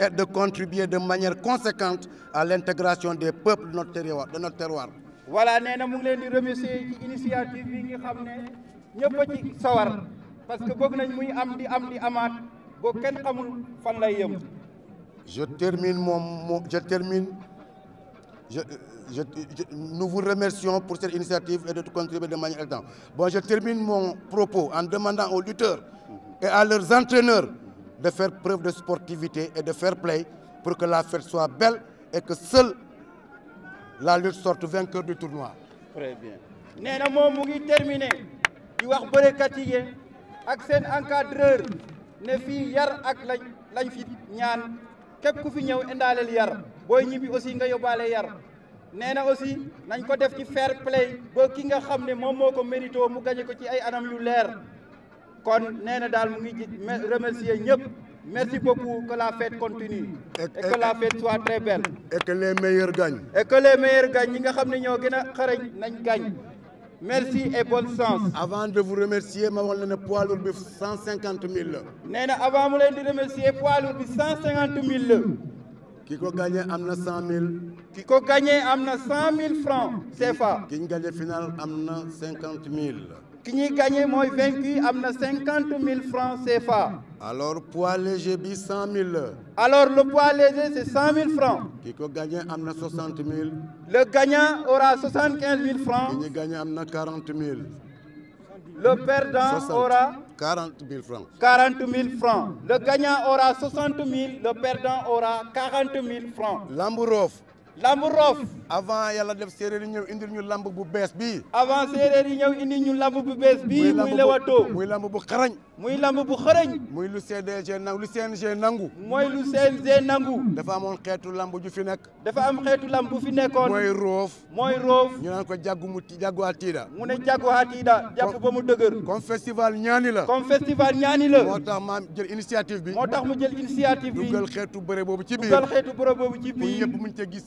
et de contribuer de manière conséquente à l'intégration des peuples de notre terroir. De notre terroir. voilà nous avons remercié ngi qui di remercier ci initiative bi nga ci sawar parce que nous nañ muy am di am di amaat boo faire je termine mon je termine je, je, nous vous remercions pour cette initiative et de contribuer de manière évidente. je termine mon propos en demandant aux lutteurs et à leurs entraîneurs de faire preuve de sportivité et de fair play pour que la fête soit belle et que seule la lutte sorte vainqueur du tournoi. Très bien. Néna na terminé di wax bërekat yi ak encadreur ne fi yar ak lañ lañ fi ñaan képp ku fi ñew indaaleel yar boy ñibi aussi nga yóbbaale yar néna aussi nañ ko def ci fair play Bo ki nga xamné mom moko mérito mu gañe ko ci ay anam yu leer. Je remercie dal merci beaucoup que la fête continue et, que la fête soit très belle et que les meilleurs gagnent et que les meilleurs gagnent ñi nga xamni Merci et bonne sens. Avant de vous remercier, je vous remercie de 150 000. Avant de vous remercier, je vous remercie 150 000. Qui gagne gagné 100 000 Qui a gagné 100 000 francs, Qui a final 50 000 qui n'y gagné moi vaincu 50 000 francs CFA. Alors poids léger, 100 000. Alors le poids léger, c'est 100 000 francs. Qui a gagné Le gagnant aura 75 000 francs. Qui a gagné 40 Le perdant aura... 40 000 francs. Le gagnant aura 60 000, le perdant aura 40 000 francs. Lambourov. lamb roof avant yàlla def séeréer yi ñëw indil ñu lamb bu bees bi avant séeréer yi ñëw indil ñu lamb bu bees bii muy lewato muy lamb bu xarañ muy lamb bu xarañ muy lu CDG nangu lu CNG nangu mooy lu CNG nangu dafa amoon xeetu lamb ju fi nekk dafa am xeetu lamb bu fi nekkoon mooy roof mooy roof ñu naan ko jàggu mu jàgguwaa tiida mu ne jàgguwaa tiida jàpp ba mu dëgër comme festival ñaani la la moo tax ma jël initiative bi moo tax mu jël initiative bi dugal boobu ci biir dugal gis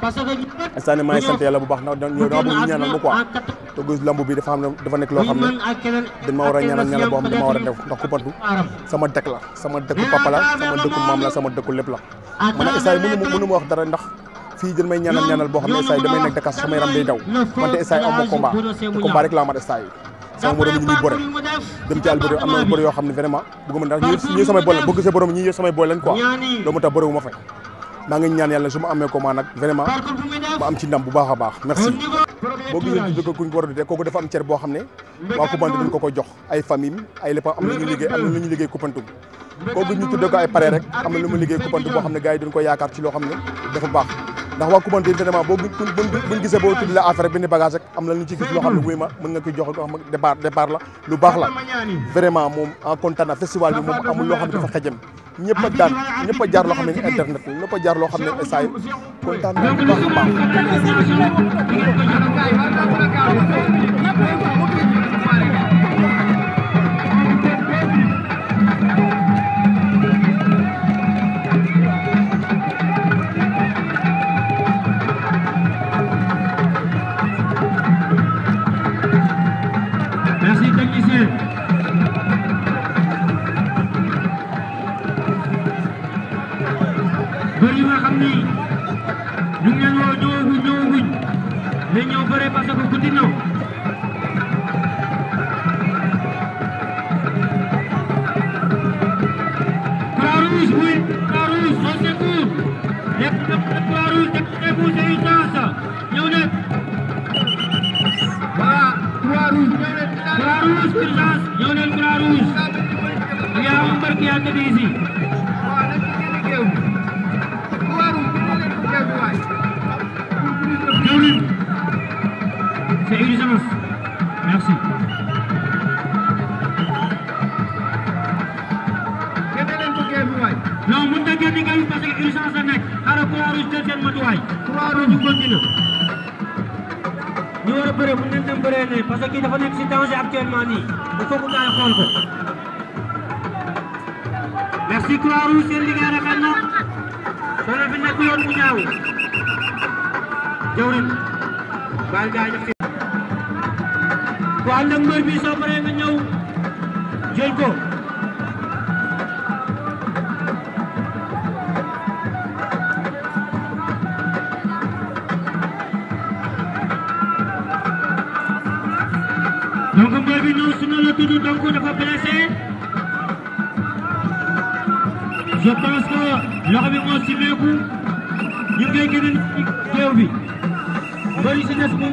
instant maa ngi sant yàlla bu baax ndax ñoom dama bëgg ñaanal ma quoi te gis lamb loo xam ne dañ a a def ndax Koupantou sama dëkk la sama dëkku papa la lépp la man nag instant mënu mënu ma wax dara ndax fii dina ñaanal ñaanal boo xam ne instant yi damay nekk Dakar yaram day daw wante instant yi aw ma combat am xam ne vraiment bëgg ma ndax ñi samay lañ bëgg sa moo tax bëre wu maa ngi ñaan yàlla su ma amee combat nag vraiment ma am ci ndam bu baax a baax merci. boo gisee ñu dëkk ku ñu ko war a dutee kooku dafa am cër boo xam ne waa Koumpentoum duñ ko jox ay famille ay lépp am na lu ñu liggéey am na lu ñu liggéey Koumpentoum kooku ñu tuddee ko ay pare rek am na lu mu boo xam ne gars yi ko yaakaar ci loo xam ne dafa baax ndax waa Koupantoum vraiment boo buñ gisee boo tudd la affaire bi ni bagage rek am na lu ñu ci gis loo xam ma nga koy jox ko la lu baax la vraiment moom en kontaan na festival bi moom amul loo xam ne dafa xajam ñëpp a daan ñëpp a jaar loo xam ne internet la ñëpp a jaar loo xam ne saa yi kontaan na bu baax a dee parce que guddi ñëw Croix-Rouge oui Croix-Rouge au secours lépp lépp lépp Croix-Rouge député bu c'est urgence ñëw leen voilà Croix-Rouge Croix-Rouge urgence ñëw leen Croix-Rouge il y a un mbër qui a été ici actuellement nii il faut que gars yi xool ko. merci Croix-Rouge seen liggéey rafet na soo leen fi nekk yoon bu ñaaw jawrin baal gars yi. waaw nag mbër bi soo paree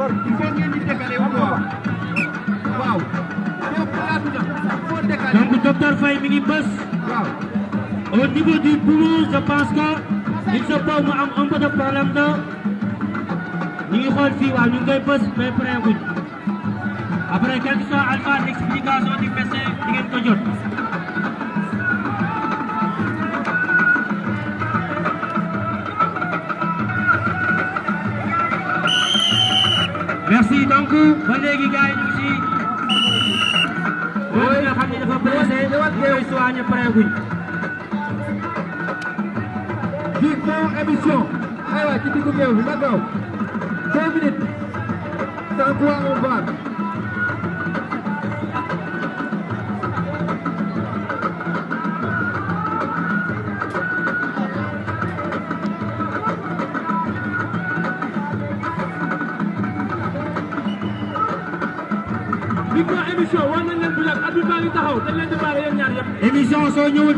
Mbor il faut ngeen di décaler waaw waaw foofu laatu na foo décaler. donc docteur am un peu de problème de ñu ngi xool fii waaw ñu ngi koy bës mais pareeguñ après quelque chose alpha donc ba léegi gars yi ñu ngi ci nga xam ne dafa blessé mooy soigné pareeguñ Dicton émission aywa ci diggu géew bi nga daw deux minutes sans quoi on va émission soo ñëwul.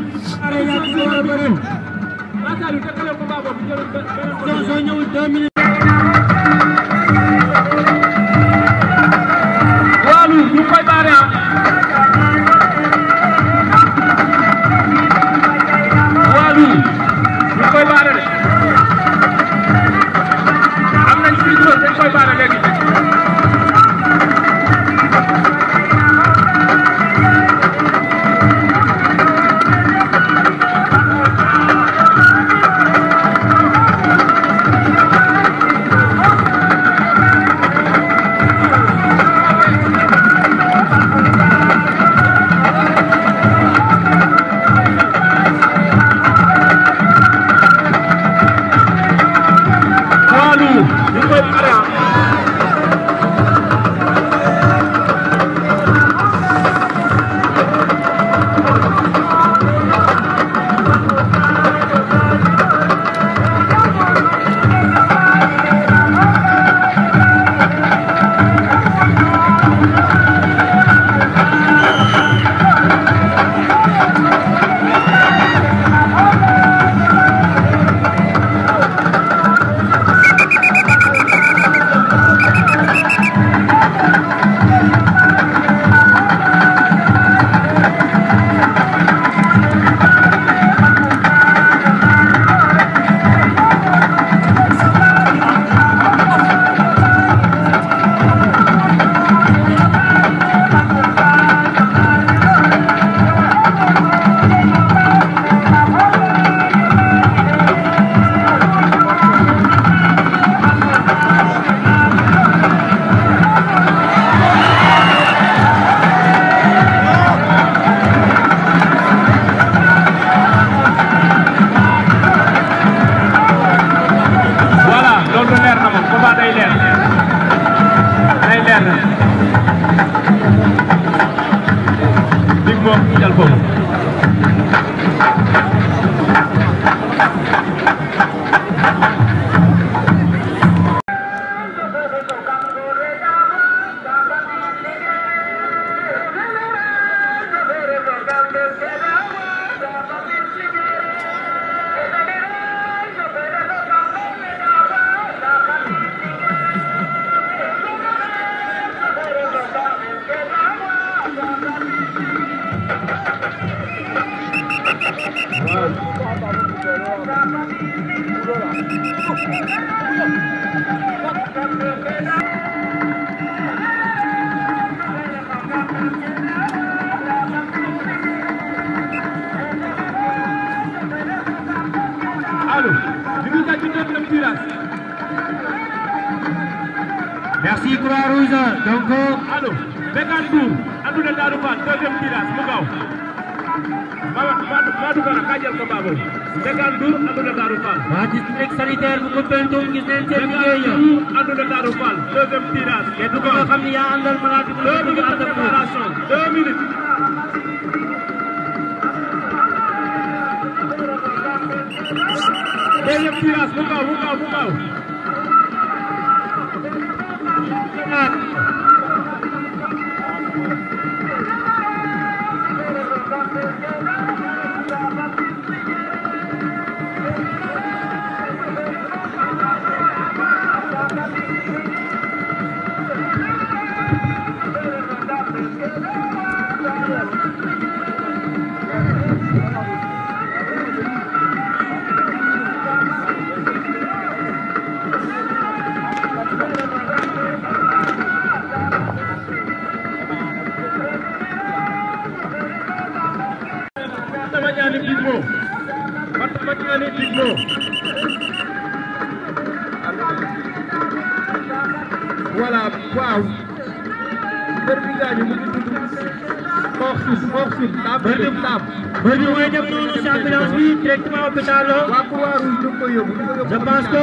émission soo ñëwul deux minutes. Amadou Le Daroufal, deuxième tirage. Et nous Deux minutes de préparation. Deux minutes. Deuxième tirage, Bougao, Bougao, voilà waaw mbër bi nga ñu mu ngi tudd xoox suuf xoox suuf taab jëm taab mbër bi mooy dem noonu si ambulance bi directement hôpital la oh. waa couloir ñu ko yóbbu je pense que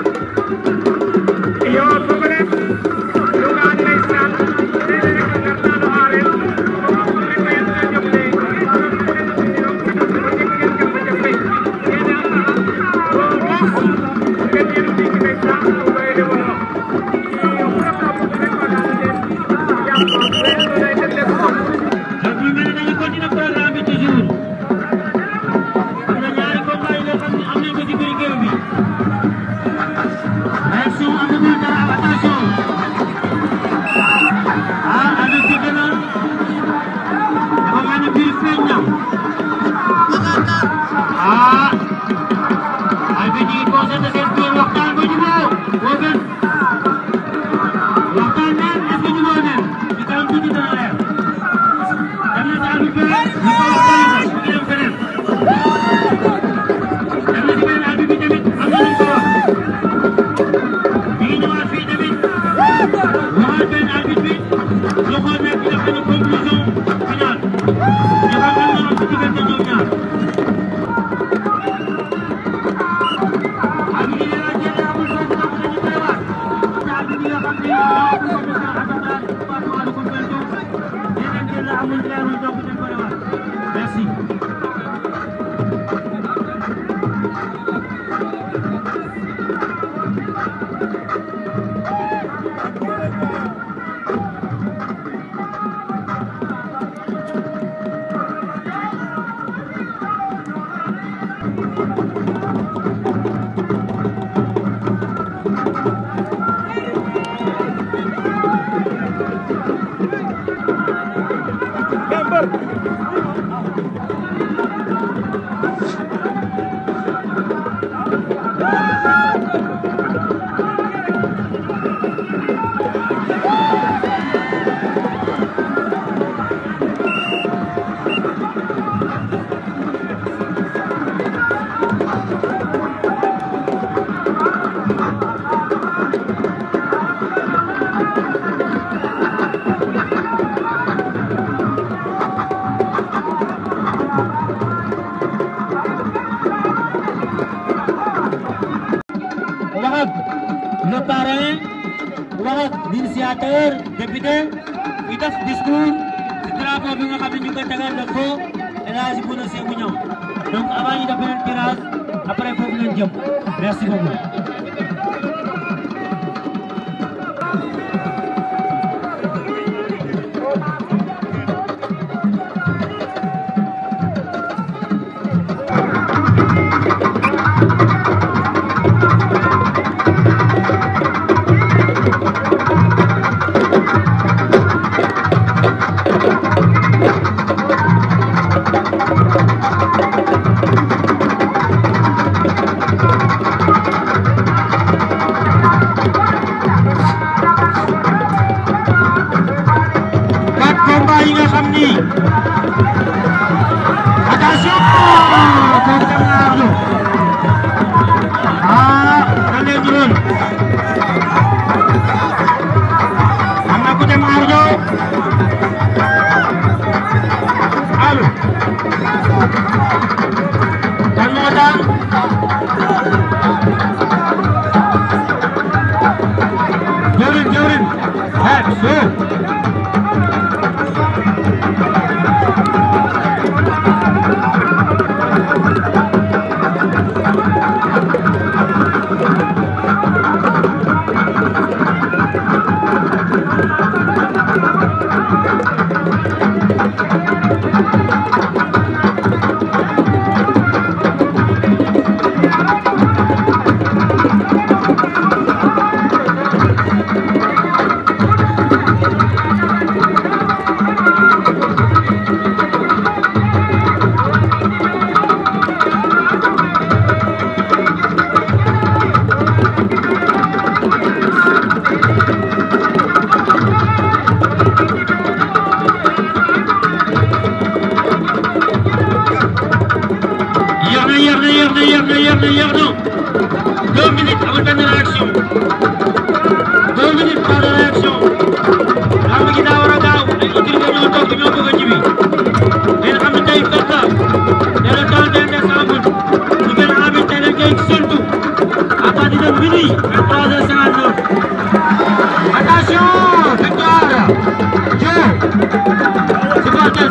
すごい。na yéex na deux minutes amul benn réaction deux minutes pas de réaction lamb ji daa war a gaaw ay autorité ñoo toog ñoo bëgg a jibi ngeen xam ne tey fekk la nee na temps d'un décembre ñu gën a amit tey dañ koy séntu à partir de minuit vingt trois heures cinquante neuf attention victoire Dieu supporter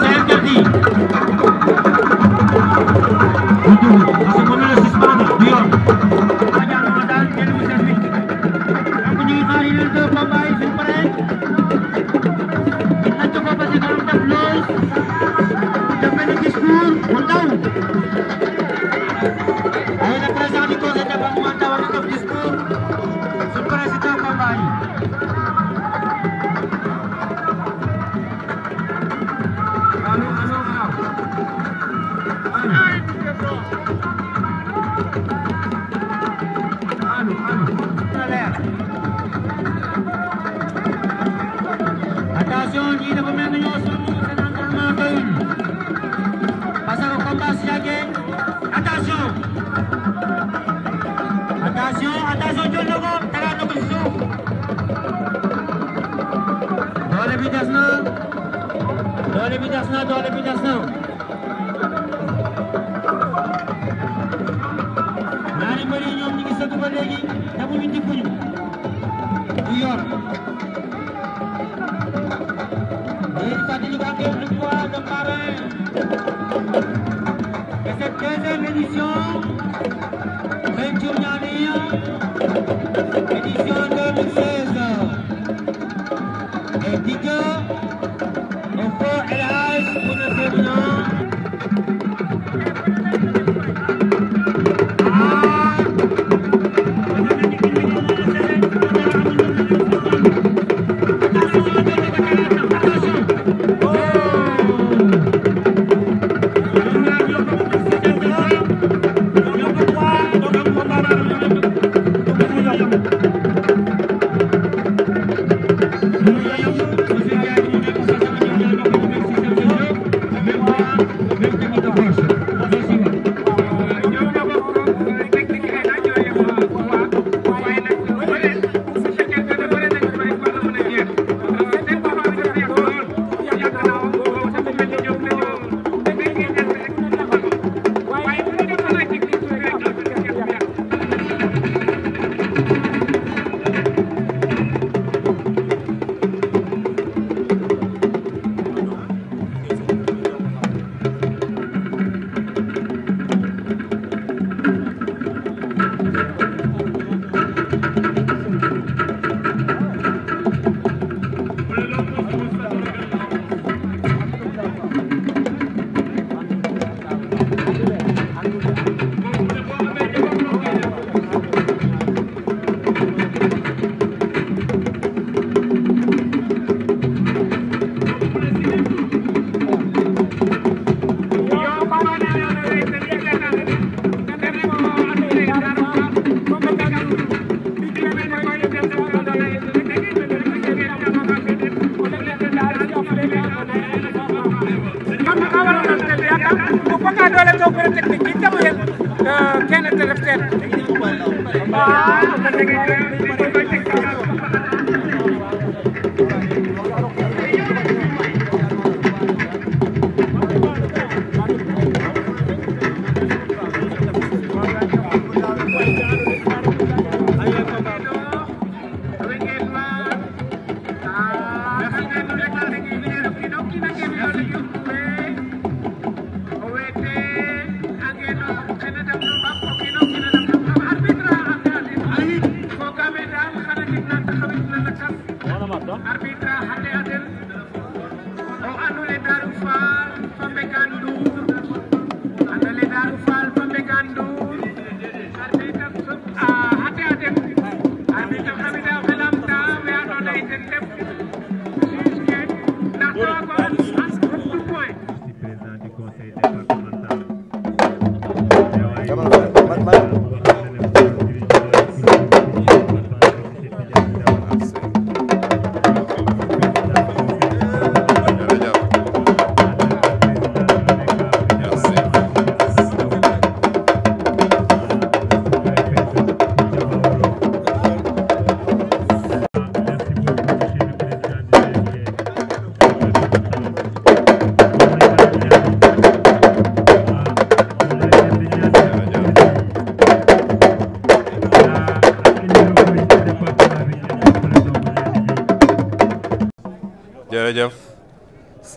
kìa.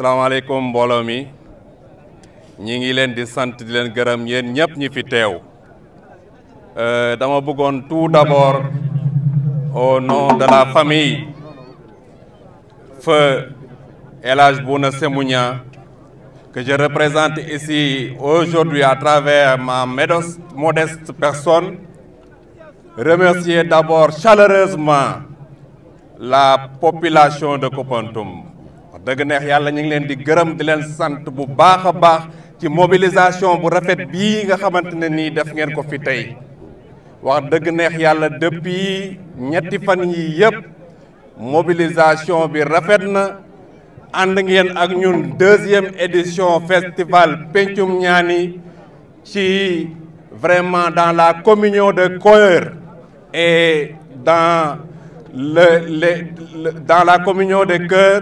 asalaamaaleykum mbooloo mi ñi ngi leen di sant di leen gërëm yeen ñep ñi fi euh dama bëggoon tout d'abord au nom de la famille feu elage Hadj que je représente ici aujourd'hui à travers ma modeste personne remercier d'abord chaleureusement la population de Kopantoum dëgg neex yalla ñu ngi leen di gërëm di leen sante bu baaxa baax ci mobilisation bu rafet bi nga xamantene ni nii def ngeen ko fi tay wax dëgg neex yalla depuis ñetti fan yi yëpp mobilisation bi rafet na ànd ngeen ak ñun deuxième édition festival Pencum ñani ci vraiment dans la communion de cœur et dans le, le, le dans la communion de cœur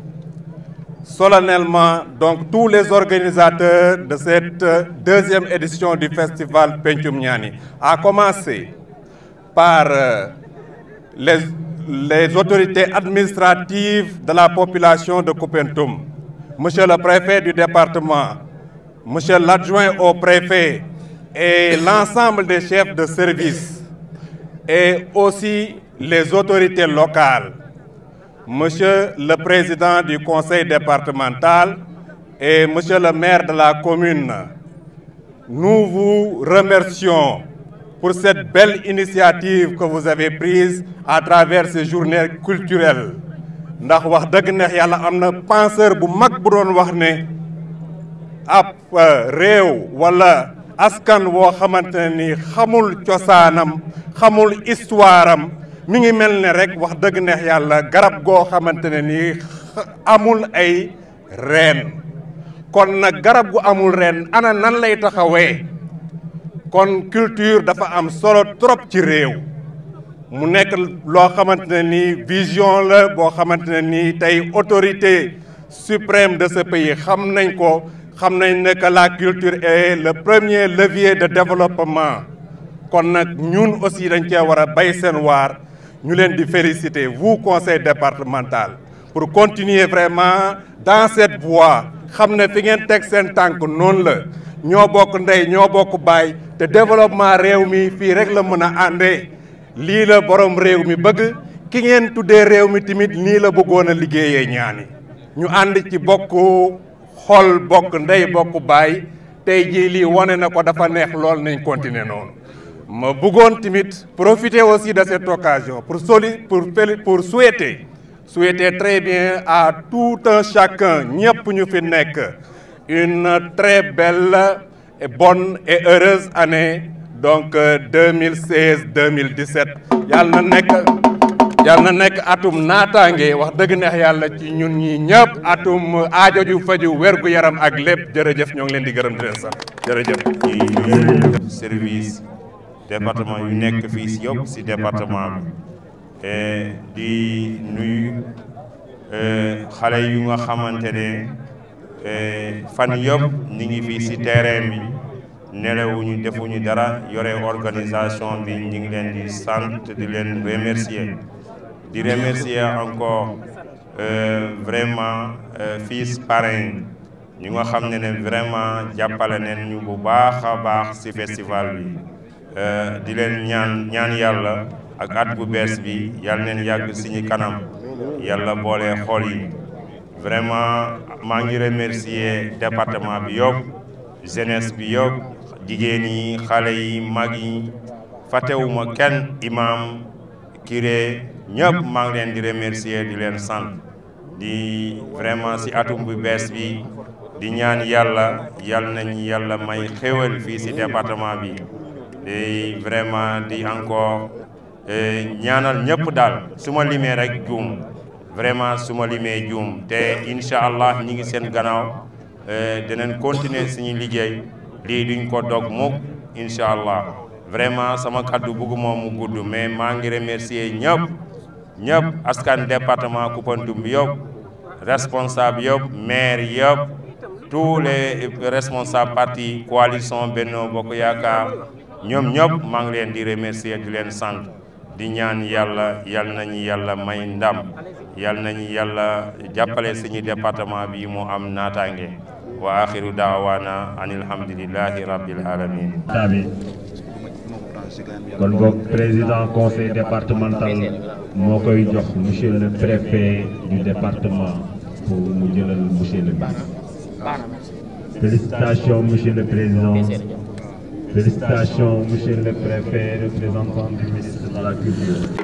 solennellement donc tous les organisateurs de cette deuxième édition du festival Pentium à commencer par euh, les, autorités administratives de la population de Coupentum, Monsieur le préfet du département, Monsieur l'adjoint au préfet et l'ensemble des chefs de service et aussi les autorités locales Monsieur le Président du Conseil départemental et Monsieur le maire de la commune, nous vous remercions pour cette belle initiative que vous avez prise à travers ces journées culturelles ndax penseur mi ngi mel ni rek wax dëgg neex yàlla garab goo xamante ne nii amul ay reen kon nag garab gu amul reen ana nan lay taxawee kon culture dafa am solo trop ci réew mu nekk loo xamante ne nii vision la boo xamante ne nii tey autorité suprême de ce pays xam nañ ko xam nañ ne que la culture est le premier levier de développement kon nag ñun aussi dañ cee war a bay seen waar ñu leen di féliciter vous conseil départemental pour continuer vraiment dans cette voie xam ne fi ngeen teg seen tànk non la ñoo bokk ndey ñoo bokk baay te développement réew fi fii rek la mën a àndee la borom réew bëgg ki ngeen tuddé réew timit ni la bëggona liggéeyé ñaani ñu and ci bokku xol bokk ndey bokk bay tay jii li woné na ko dafa neex lool nañ continuer noonu ma bëggoon tamit profiter aussi de cette occasion pour soli pour pour souhaiter souhaiter très bien à tout un chacun ñëpp ñu fi une très belle et bonne et heureuse année donc 2016 2017 Yalla nek, yalla nek atum natangé, wax deug neex yalla ci ñun ñi ñëpp atum aajo faju wergu yaram ak lepp jërëjëf ñong leen di gërëm di jërëjëf. service département yu nek fi ci yop ci département bi eh, di nuyu eh, xalé yu nga xamante euh fan yop ni ngi fi ci terrain bi defu ñu dara yore organisation bi ñi ngi leen di sant di leen remercier di remercier encore vraiment fils parrain ñi nga xamné né vraiment jappalé né ñu bu baax baax ci festival bi Euh, di leen ñaan ñaan yàlla ak at bu bees bi yàlla neen yàgg suñu kanam yàlla boole xool yi vraiment maa ngi remercier département bi yëpp jeunesse bi yëpp jigéen yi xale yi mag yi fàttewuma kenn imam curé ñëpp maa ngi leen di remercier di leen sant di vraiment si atum bu bees bi di ñaan yàlla yàlla nañu yàlla may xéwal fii si département bi et vraiment dit encore eh, ñaanal ñëpp daal suma limé rek joom vraiment suma limé joom té inshallah allah ñi ngi seen gannaaw eh, continuer suñu liggéey li duñ ko dog mok inshallah vraiment sama kaddu bëgguma mu gudd mais ma ngi remercier ñëpp ñëpp askan département Koupantoum yob responsable yob maire yob tous les responsables partis coalition Benno Bokk ñom ñop ma ngi leen di remercier di leen sant di ñaan yalla yal nañu yalla may ndam yal nañu yalla jappalé suñu département bi mo am natangé wa akhiru da'wana anil hamdulillahi rabbil alamin kon bok président conseil départemental mo koy jox monsieur le préfet du département pour mu jëlal monsieur le ministre félicitations monsieur le président Félicitations, monsieur le préfet, représentant du ministre de la Culture.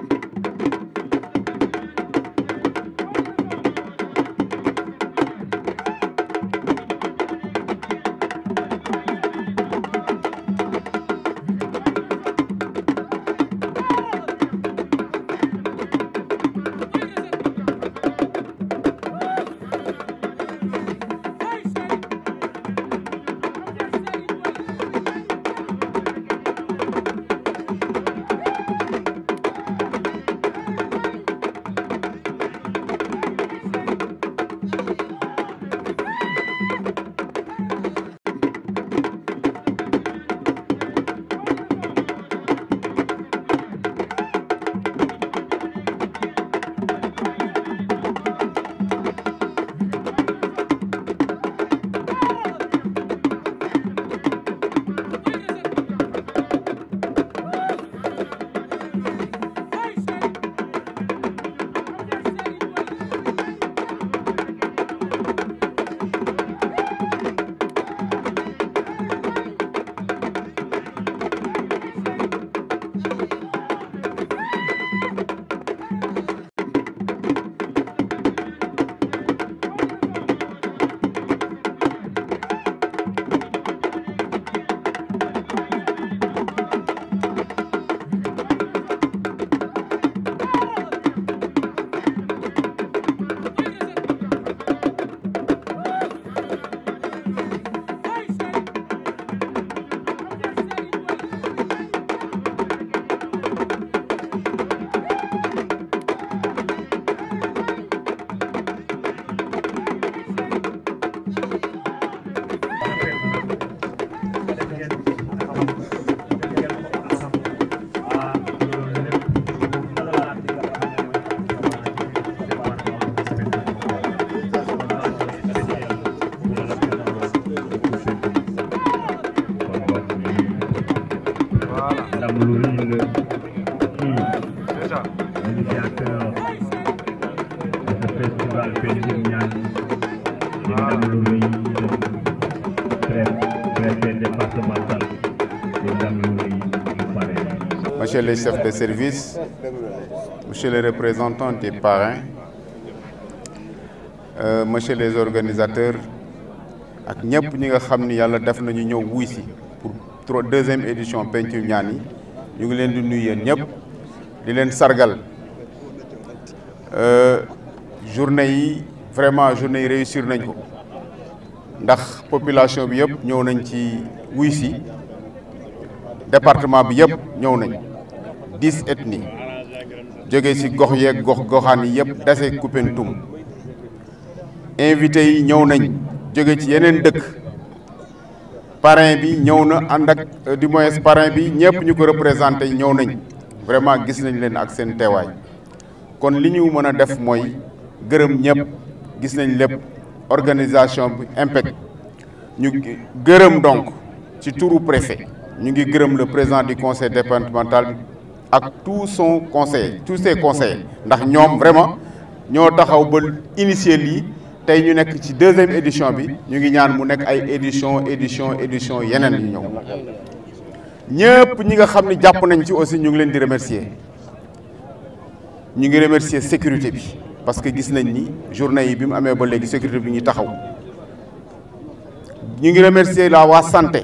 les chefs de service, monsieur les représentants des parrains, euh, monsieur les organisateurs, ak tous ñi nga deuxième édition de Peinture Nous Nous journée vraiment journée réussir population bi département 10 ethnies Djogé ci gox gox dase invité yi ñëw nañ djogé ci dëkk parrain bi na euh, du moins parrain bi ñëpp vraiment gis nañ leen ak seen kon liñu mëna def moy gërëm ñëpp gis nañ lepp organisation impact ñu gërëm donc ci touru préfet ñu ngi le président du conseil départemental ak tout son conseil tous ses conseils ndax ñoom vraiment ñoo taxaw ba initier lii tey ñu nek ci deuxième édition bi ñu ngi ñaan mu nek ay édition édition édition yenen yu ñew ñepp ñi nga xamni japp nañ ci aussi ñu ngi leen di remercier ñu ngi remercier sécurité bi parce que gis nañ ni journée yi bi mu amee ba légui sécurité bi ñi taxaw ñu ngi remercier la wa santé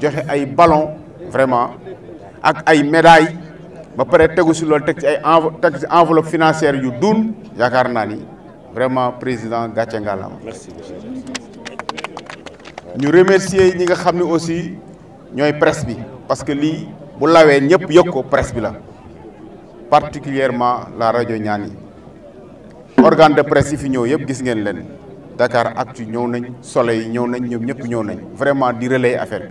joxe ay ballon vraiment ak ay médailles ba ci enveloppe financière vraiment président Merci. ñu remercier aussi ñoy presse parce que li bu lawé ñëpp presse particulièrement la radio Niani organe de presse fi gis Dakar Actu Soleil nañ vraiment di relais affaire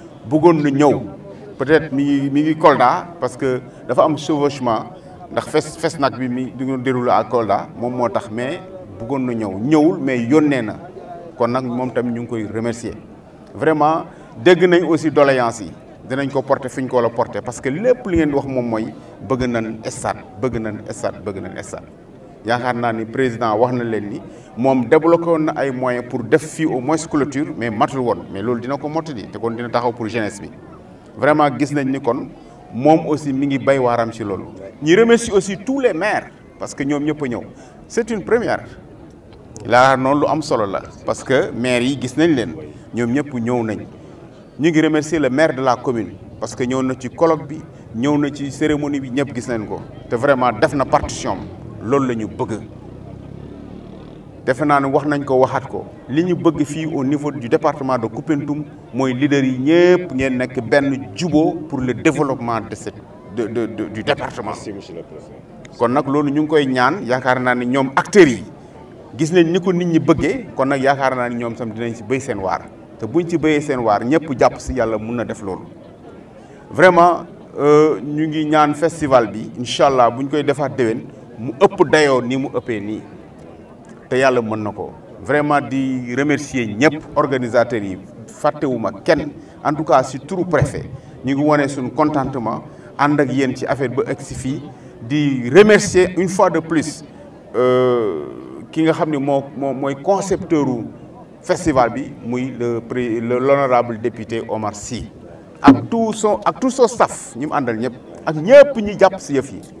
bëggoon na ñëw peut-être mi ngi ngi Kolda parce que dafa am chevauchement ndax fess fess nak bi mi di déroulé à Kolda mom moo tax mais bëggoon na ñëw ñëwul mais yónnee kon nak mom tam ñu ngi koy remercier vraiment dégg nañ aussi doléance yi dinañ ko porter fiñ ko la porter parce que lepp li ngeen wax mom moy bëgg nañ stade bëgg nañ stade bëgg nañ stade yaakaar naa ni président wax na leen ni moom débloqué woon na ay moyens pour def fii au moins clôture mais matul woon mais loolu dina ko mottali te kon dina taxaw pour jeunesse bi vraiment gis nañ ni kon moom aussi mi ngi bay waaram ci loolu. ñi remercie aussi tous les maires parce que ñoom ñëpp a ñëw c'est une première laa noonu lu am solo la parce que maires yi gis nañ leen ñoom ñëpp ñëw nañ ñu ngi remercier le maire de la commune parce que ñëw na ci colloque bi ñëw na ci cérémonie bi ñëpp gis nañ ko te vraiment def na partition c'est ce que bëgg defe naa wax nañ ko waxat ko au niveau du département de Koupentoum moy leader yi ñepp pour le développement de du département. kon nak Président. ñu koy ñaan yaakar les acteurs yi gis nañ niko nit ñi bëggé kon nak yaakar ne sam dinañ si seen waar te buñ ci seen waar def vraiment euh, festival bi inshallah buñ mu ëpp dayo ni mu ëppee ni te yalla mën nako vraiment di remercier ñëpp organisateurs yi faté fàttewuma kenn en tout cas ci tout préfet ñi ngi woné suñu contentement and ak yéen ci affaire ba egsi fi di remercier une fois de plus euh ki nga xamni mo moy moo festival bi muy le l'honorable député Omar Sy ak tout son ak tout son staff ñu andal àndal ñëpp ak ñëpp ñi japp ci yëf yi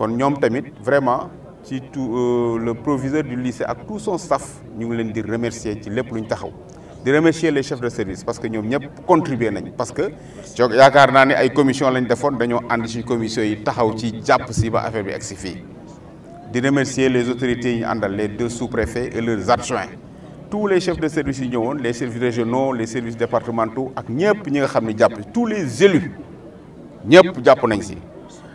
kon nous, tamit vraiment ci tout euh, le proviseur du lycée et tout son staff nous ngi leen remercier ci lépp lu Nous taxaw remercier les chefs de service parce que ont ñëpp contribuer parce que jox yaakaar naa ay commission lañ defoon dañoo ànd ci commission yi taxaw ci jàpp si ba affaire bi remercier les autorités les deux sous-préfets et leurs adjoints tous les chefs de service les services régionaux les services départementaux ak ñi nga tous les élus ñëpp jàpp nañ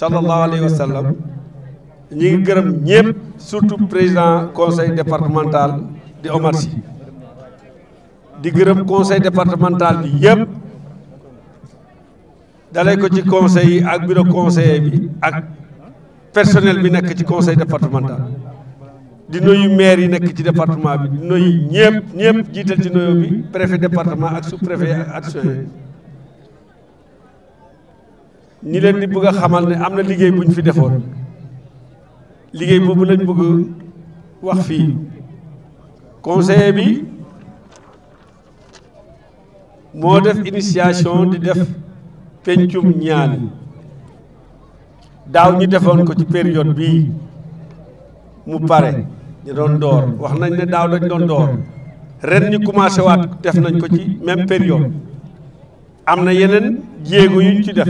sallallahu alayhi wa ngi gërëm ñëpp surtout président conseil départemental di Omar Sy di gërëm conseil départemental bi yëpp dalee ko ci conseil ak bureau conseiller bi ak personnel bi nekk ci conseil départemental di nuyu maire yi nekk ci département bi di nuyu ñëpp ñëpp jiital ci nuyu bi préfet département ak sous préfet ak adjoint ñi leen di bëgg a xamal ne am na liggéey bu ñu fi defoon liggéey boobu lañ bëgg wax fii conseiller bi moo def initiation di def pencum ñaan daaw ñu defoon ko ci période bi mu pare ñu doon door wax nañ ne daaw lañ doon door ren ñu commencé waat def nañ ko ci même période am na yeneen jéego ñu ci def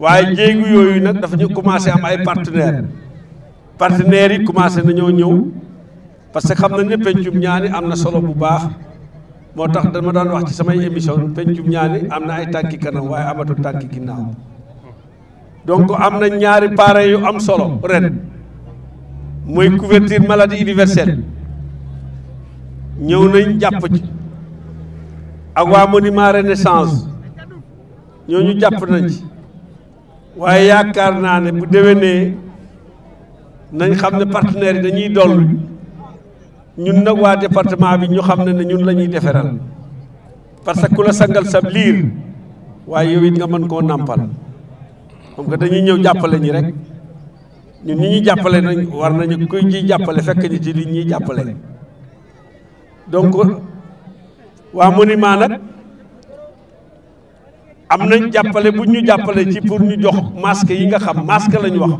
waaye jéegu yooyu nag dafa ñu commencé am ay partenaires partenaires yi commencé nañoo ñëw parce que xam nañ ne pencum ñaani am na solo bu baax moo tax dama daan wax ci samay émission pencum ñaani am na ay tànki kanam waaye amatul tànki ginnaaw donc am na ñaari parrain yu am solo ren mooy couverture maladie universelle ñëw nañ jàpp ci ak waa monument renaissance ñooñu jàpp nañ ci waaye yaakaar naa ne bu déwénee nañ xam ne partenaires yi dañuy dollu ñun nag waa département bi ñu xam ne ne ñun lañuy ñuy defaral parce que ku la sangal sab liir waaye yow it nga mën koo nàmpal comme que dañuy ñëw jàppale ñi rek ñun ñi ñuy jàppale nañ war nañu koy ji jàppale fekk ñi ci li ñuy jàppale donc waa monument nag am nañ jàppale bu ñu jàppale ci pour ñu jox masque yi nga xam masque la ñu wax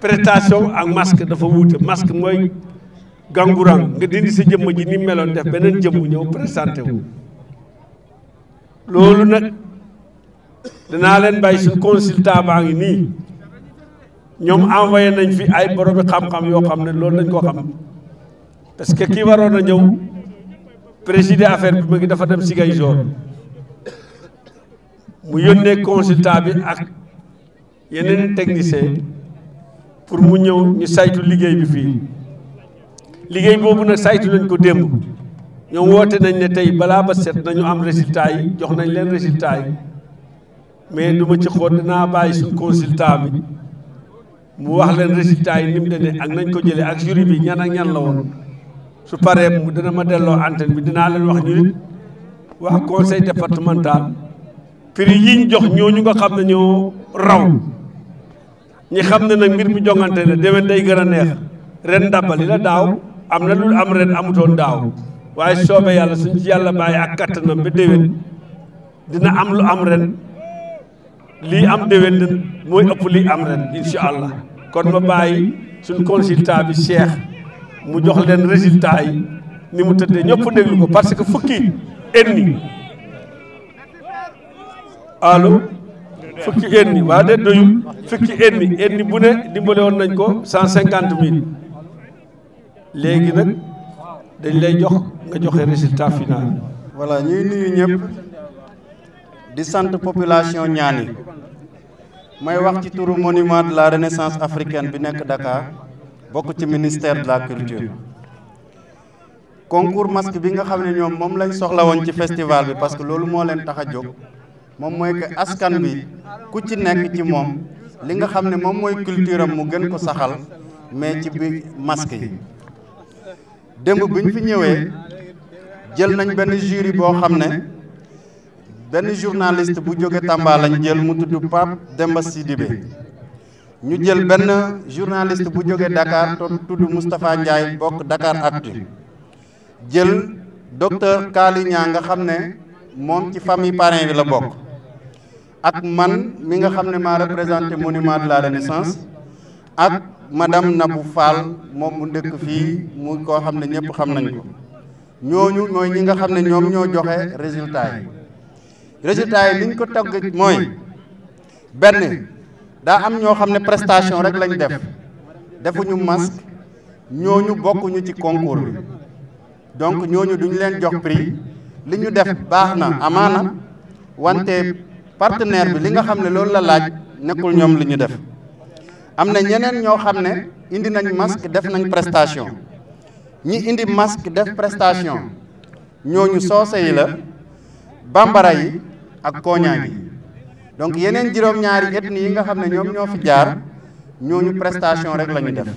prestation ak masque dafa wuute masque mooy gànguraan nga dindi sa jëmm ji ni meloon def beneen jëmm ñëw présenté wu loolu nag danaa leen bàyyi suñ consultant baa ngi nii ñoom envoyé nañ fi ay boromi xam-xam yoo xam ne loolu nañ ko xam parce que kii waroon a ñëw présider affaire bi ma ngi dafa dem Ziguinchor mu yónnee consultant bi ak yeneen technicien pour mu ñëw ñu saytu liggéey bi fii liggéey boobu nag saytu lañ ko démb ñoom woote nañ ne tey balaa ba set nañu am résultat yi jox nañ leen résultat yi mais du ma ci xool dinaa bàyyi suñ consultant bi mu wax leen résultat yi ni mu demee ak nañ ko jëlee ak jury bi ñan ak ñan la woon su paree mu dana ma delloo antenne bi dinaa leen wax ñu wax conseil départemental prix yi ñu jox ñooñu nga xam ne raw ñi xam ne nag mbir mi jongante la déwén day gën a neex ren ndàbbali la daaw am na lu am ren amutoon daaw waaye soobee yàlla suñ ci yàlla bàyyi ak kattanam ba déwén dina am lu am ren lii am déwén mooy ëpp lii am ren incha allah kon ma bàyyi suñ consultant bi Cheikh mu jox leen résultat yi ni mu tëddee ñëpp déglu ko parce que fukki enni Alo, fukki enni de doyum fukki enni enni bu ne dimbalé won nañ ko 150000 légui nak dañ lay jox nga joxe résultat final voilà ñuy nuyu ñep di population ñaani may wax ci turu monument de la renaissance africaine bi nek Dakar bokku ci ministère de la culture concours masque bi nga xamné ñom mom lañ soxla won ci festival bi parce que lolu mo leen mom moy ke askan bi ku ci nek ci mom li nga xamne mom moy culture am mu gën ko saxal mais ci bi masque yi demb buñ fi ñëwé jël nañ ben jury bo xamne ben journaliste bu joggé Tamba lañ jël mu tuddu pap Demba Sidibé ñu jël ben journaliste bu joggé Dakar ton tuddu mustapha ndjay bok Dakar Actu jël docteur kali nya nga xamne mom ci famille bi la bok ak man mi nga xam ne maa représenté monument de la renaissance ak madame Nabou Fall moom mu dëkk fii mu koo xam ne ñëpp xam nañ ko ñooñu mooy ñi nga xam ne ñoom ñoo joxe résultat yi résultat yi liñ ko togg mooy benn daa am ñoo xam ne prestation rek lañ def defuñu masque ñooñu bokkuñu ci concours bi donc ñooñu duñ leen jox prix li ñu def baax na amaana wante partenaire bi li nga xam ne loolu la laaj nekkul ñoom li ñu def am na ñeneen ñoo xam ne indi nañ masque def nañ prestation ñi indi masque def prestation ñooñu soose yi la bambara yi ak koña yi donc yeneen juróom-ñaari ethnie yi nga xam ne ñoom ñoo fi jaar ñooñu prestation rek la ñu def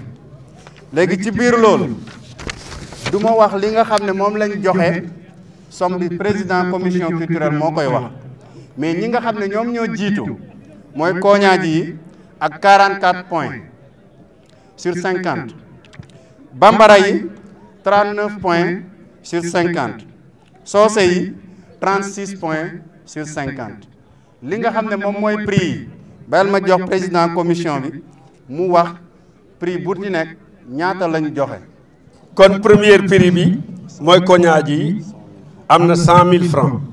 léegi ci biir loolu du ma wax li nga xam ne moom lañ joxe somme bi président commission culturelle moo koy wax mais ñi nga xam ne ñoom ñoo jiitu mooy 44 points sur 50 bambara 39 points sur 50 soose 36 points sur 50 li nga xam ne moom mooy prix yi bayal ma jox président commission bi mu wax prix bu ci nekk ñaata lañ joxe. kon premier prix bi mooy koñaaj yi am francs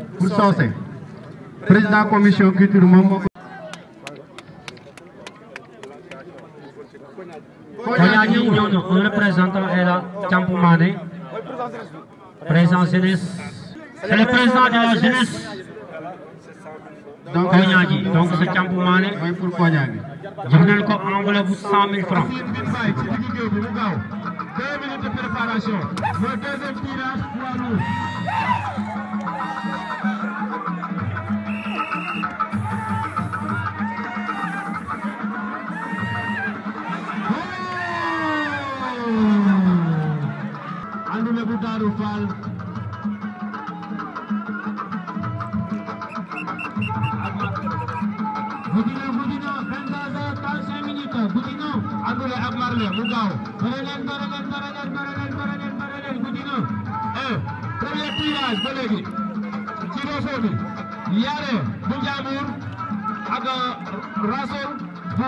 pour Socé président commission culture moom moo Kognagny Ñoño un représentant est là président jeunesse c'est le président de la jeunesse donc Kognagny donc c'est Thiampou Mané ko enveloppe bu cent mille francs مدار فالق budino budino bendaza tasha minito budino agule agmarle mugao berelen berelen berelen berelen berelen berelen budino eh berle tiraj belegi ciro yare bu aga rasul bu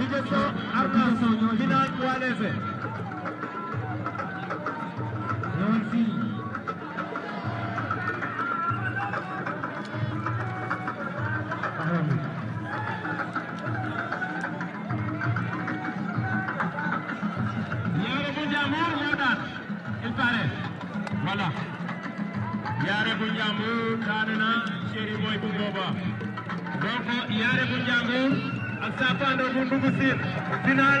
Vigeso Arcas, Milan Gualese. cappaandaw bu ndugg siin final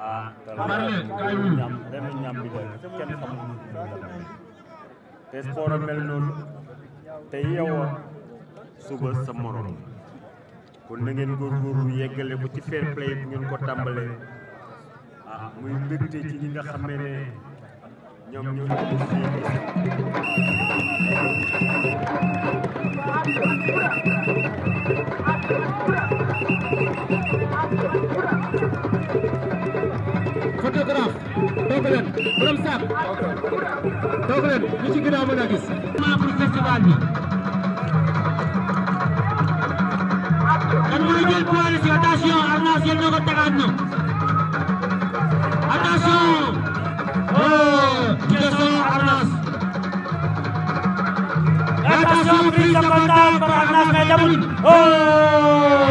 ah ñam renu ñam bi doy kenn xamul te sport a mel noonu te yow suba sa morom kon na ngeen góorgóorlu yeggale ko ci fair play bu ngeen ko tàmbalee ah muy mbégte ci ñi nga xamee ne ñoom ñoo ñu fii toog leen borom saak toog leen ñu ci ginnaaw mën a gis ma pour festival bi kan muy jël coalition attention arnas yéen ñoo ko tegaat ñu attention oh question arnas attention prise de contact par arnas mais demul oh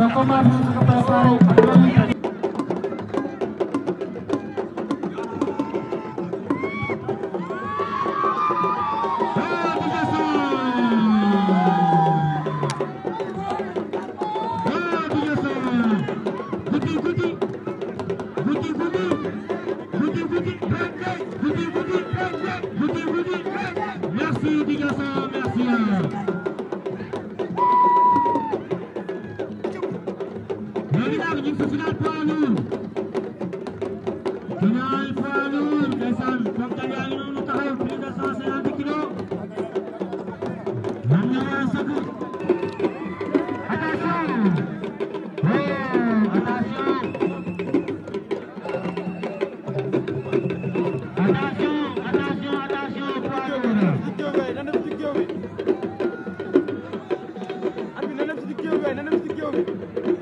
sa combat bi nga ko préparé na dem ci géew bi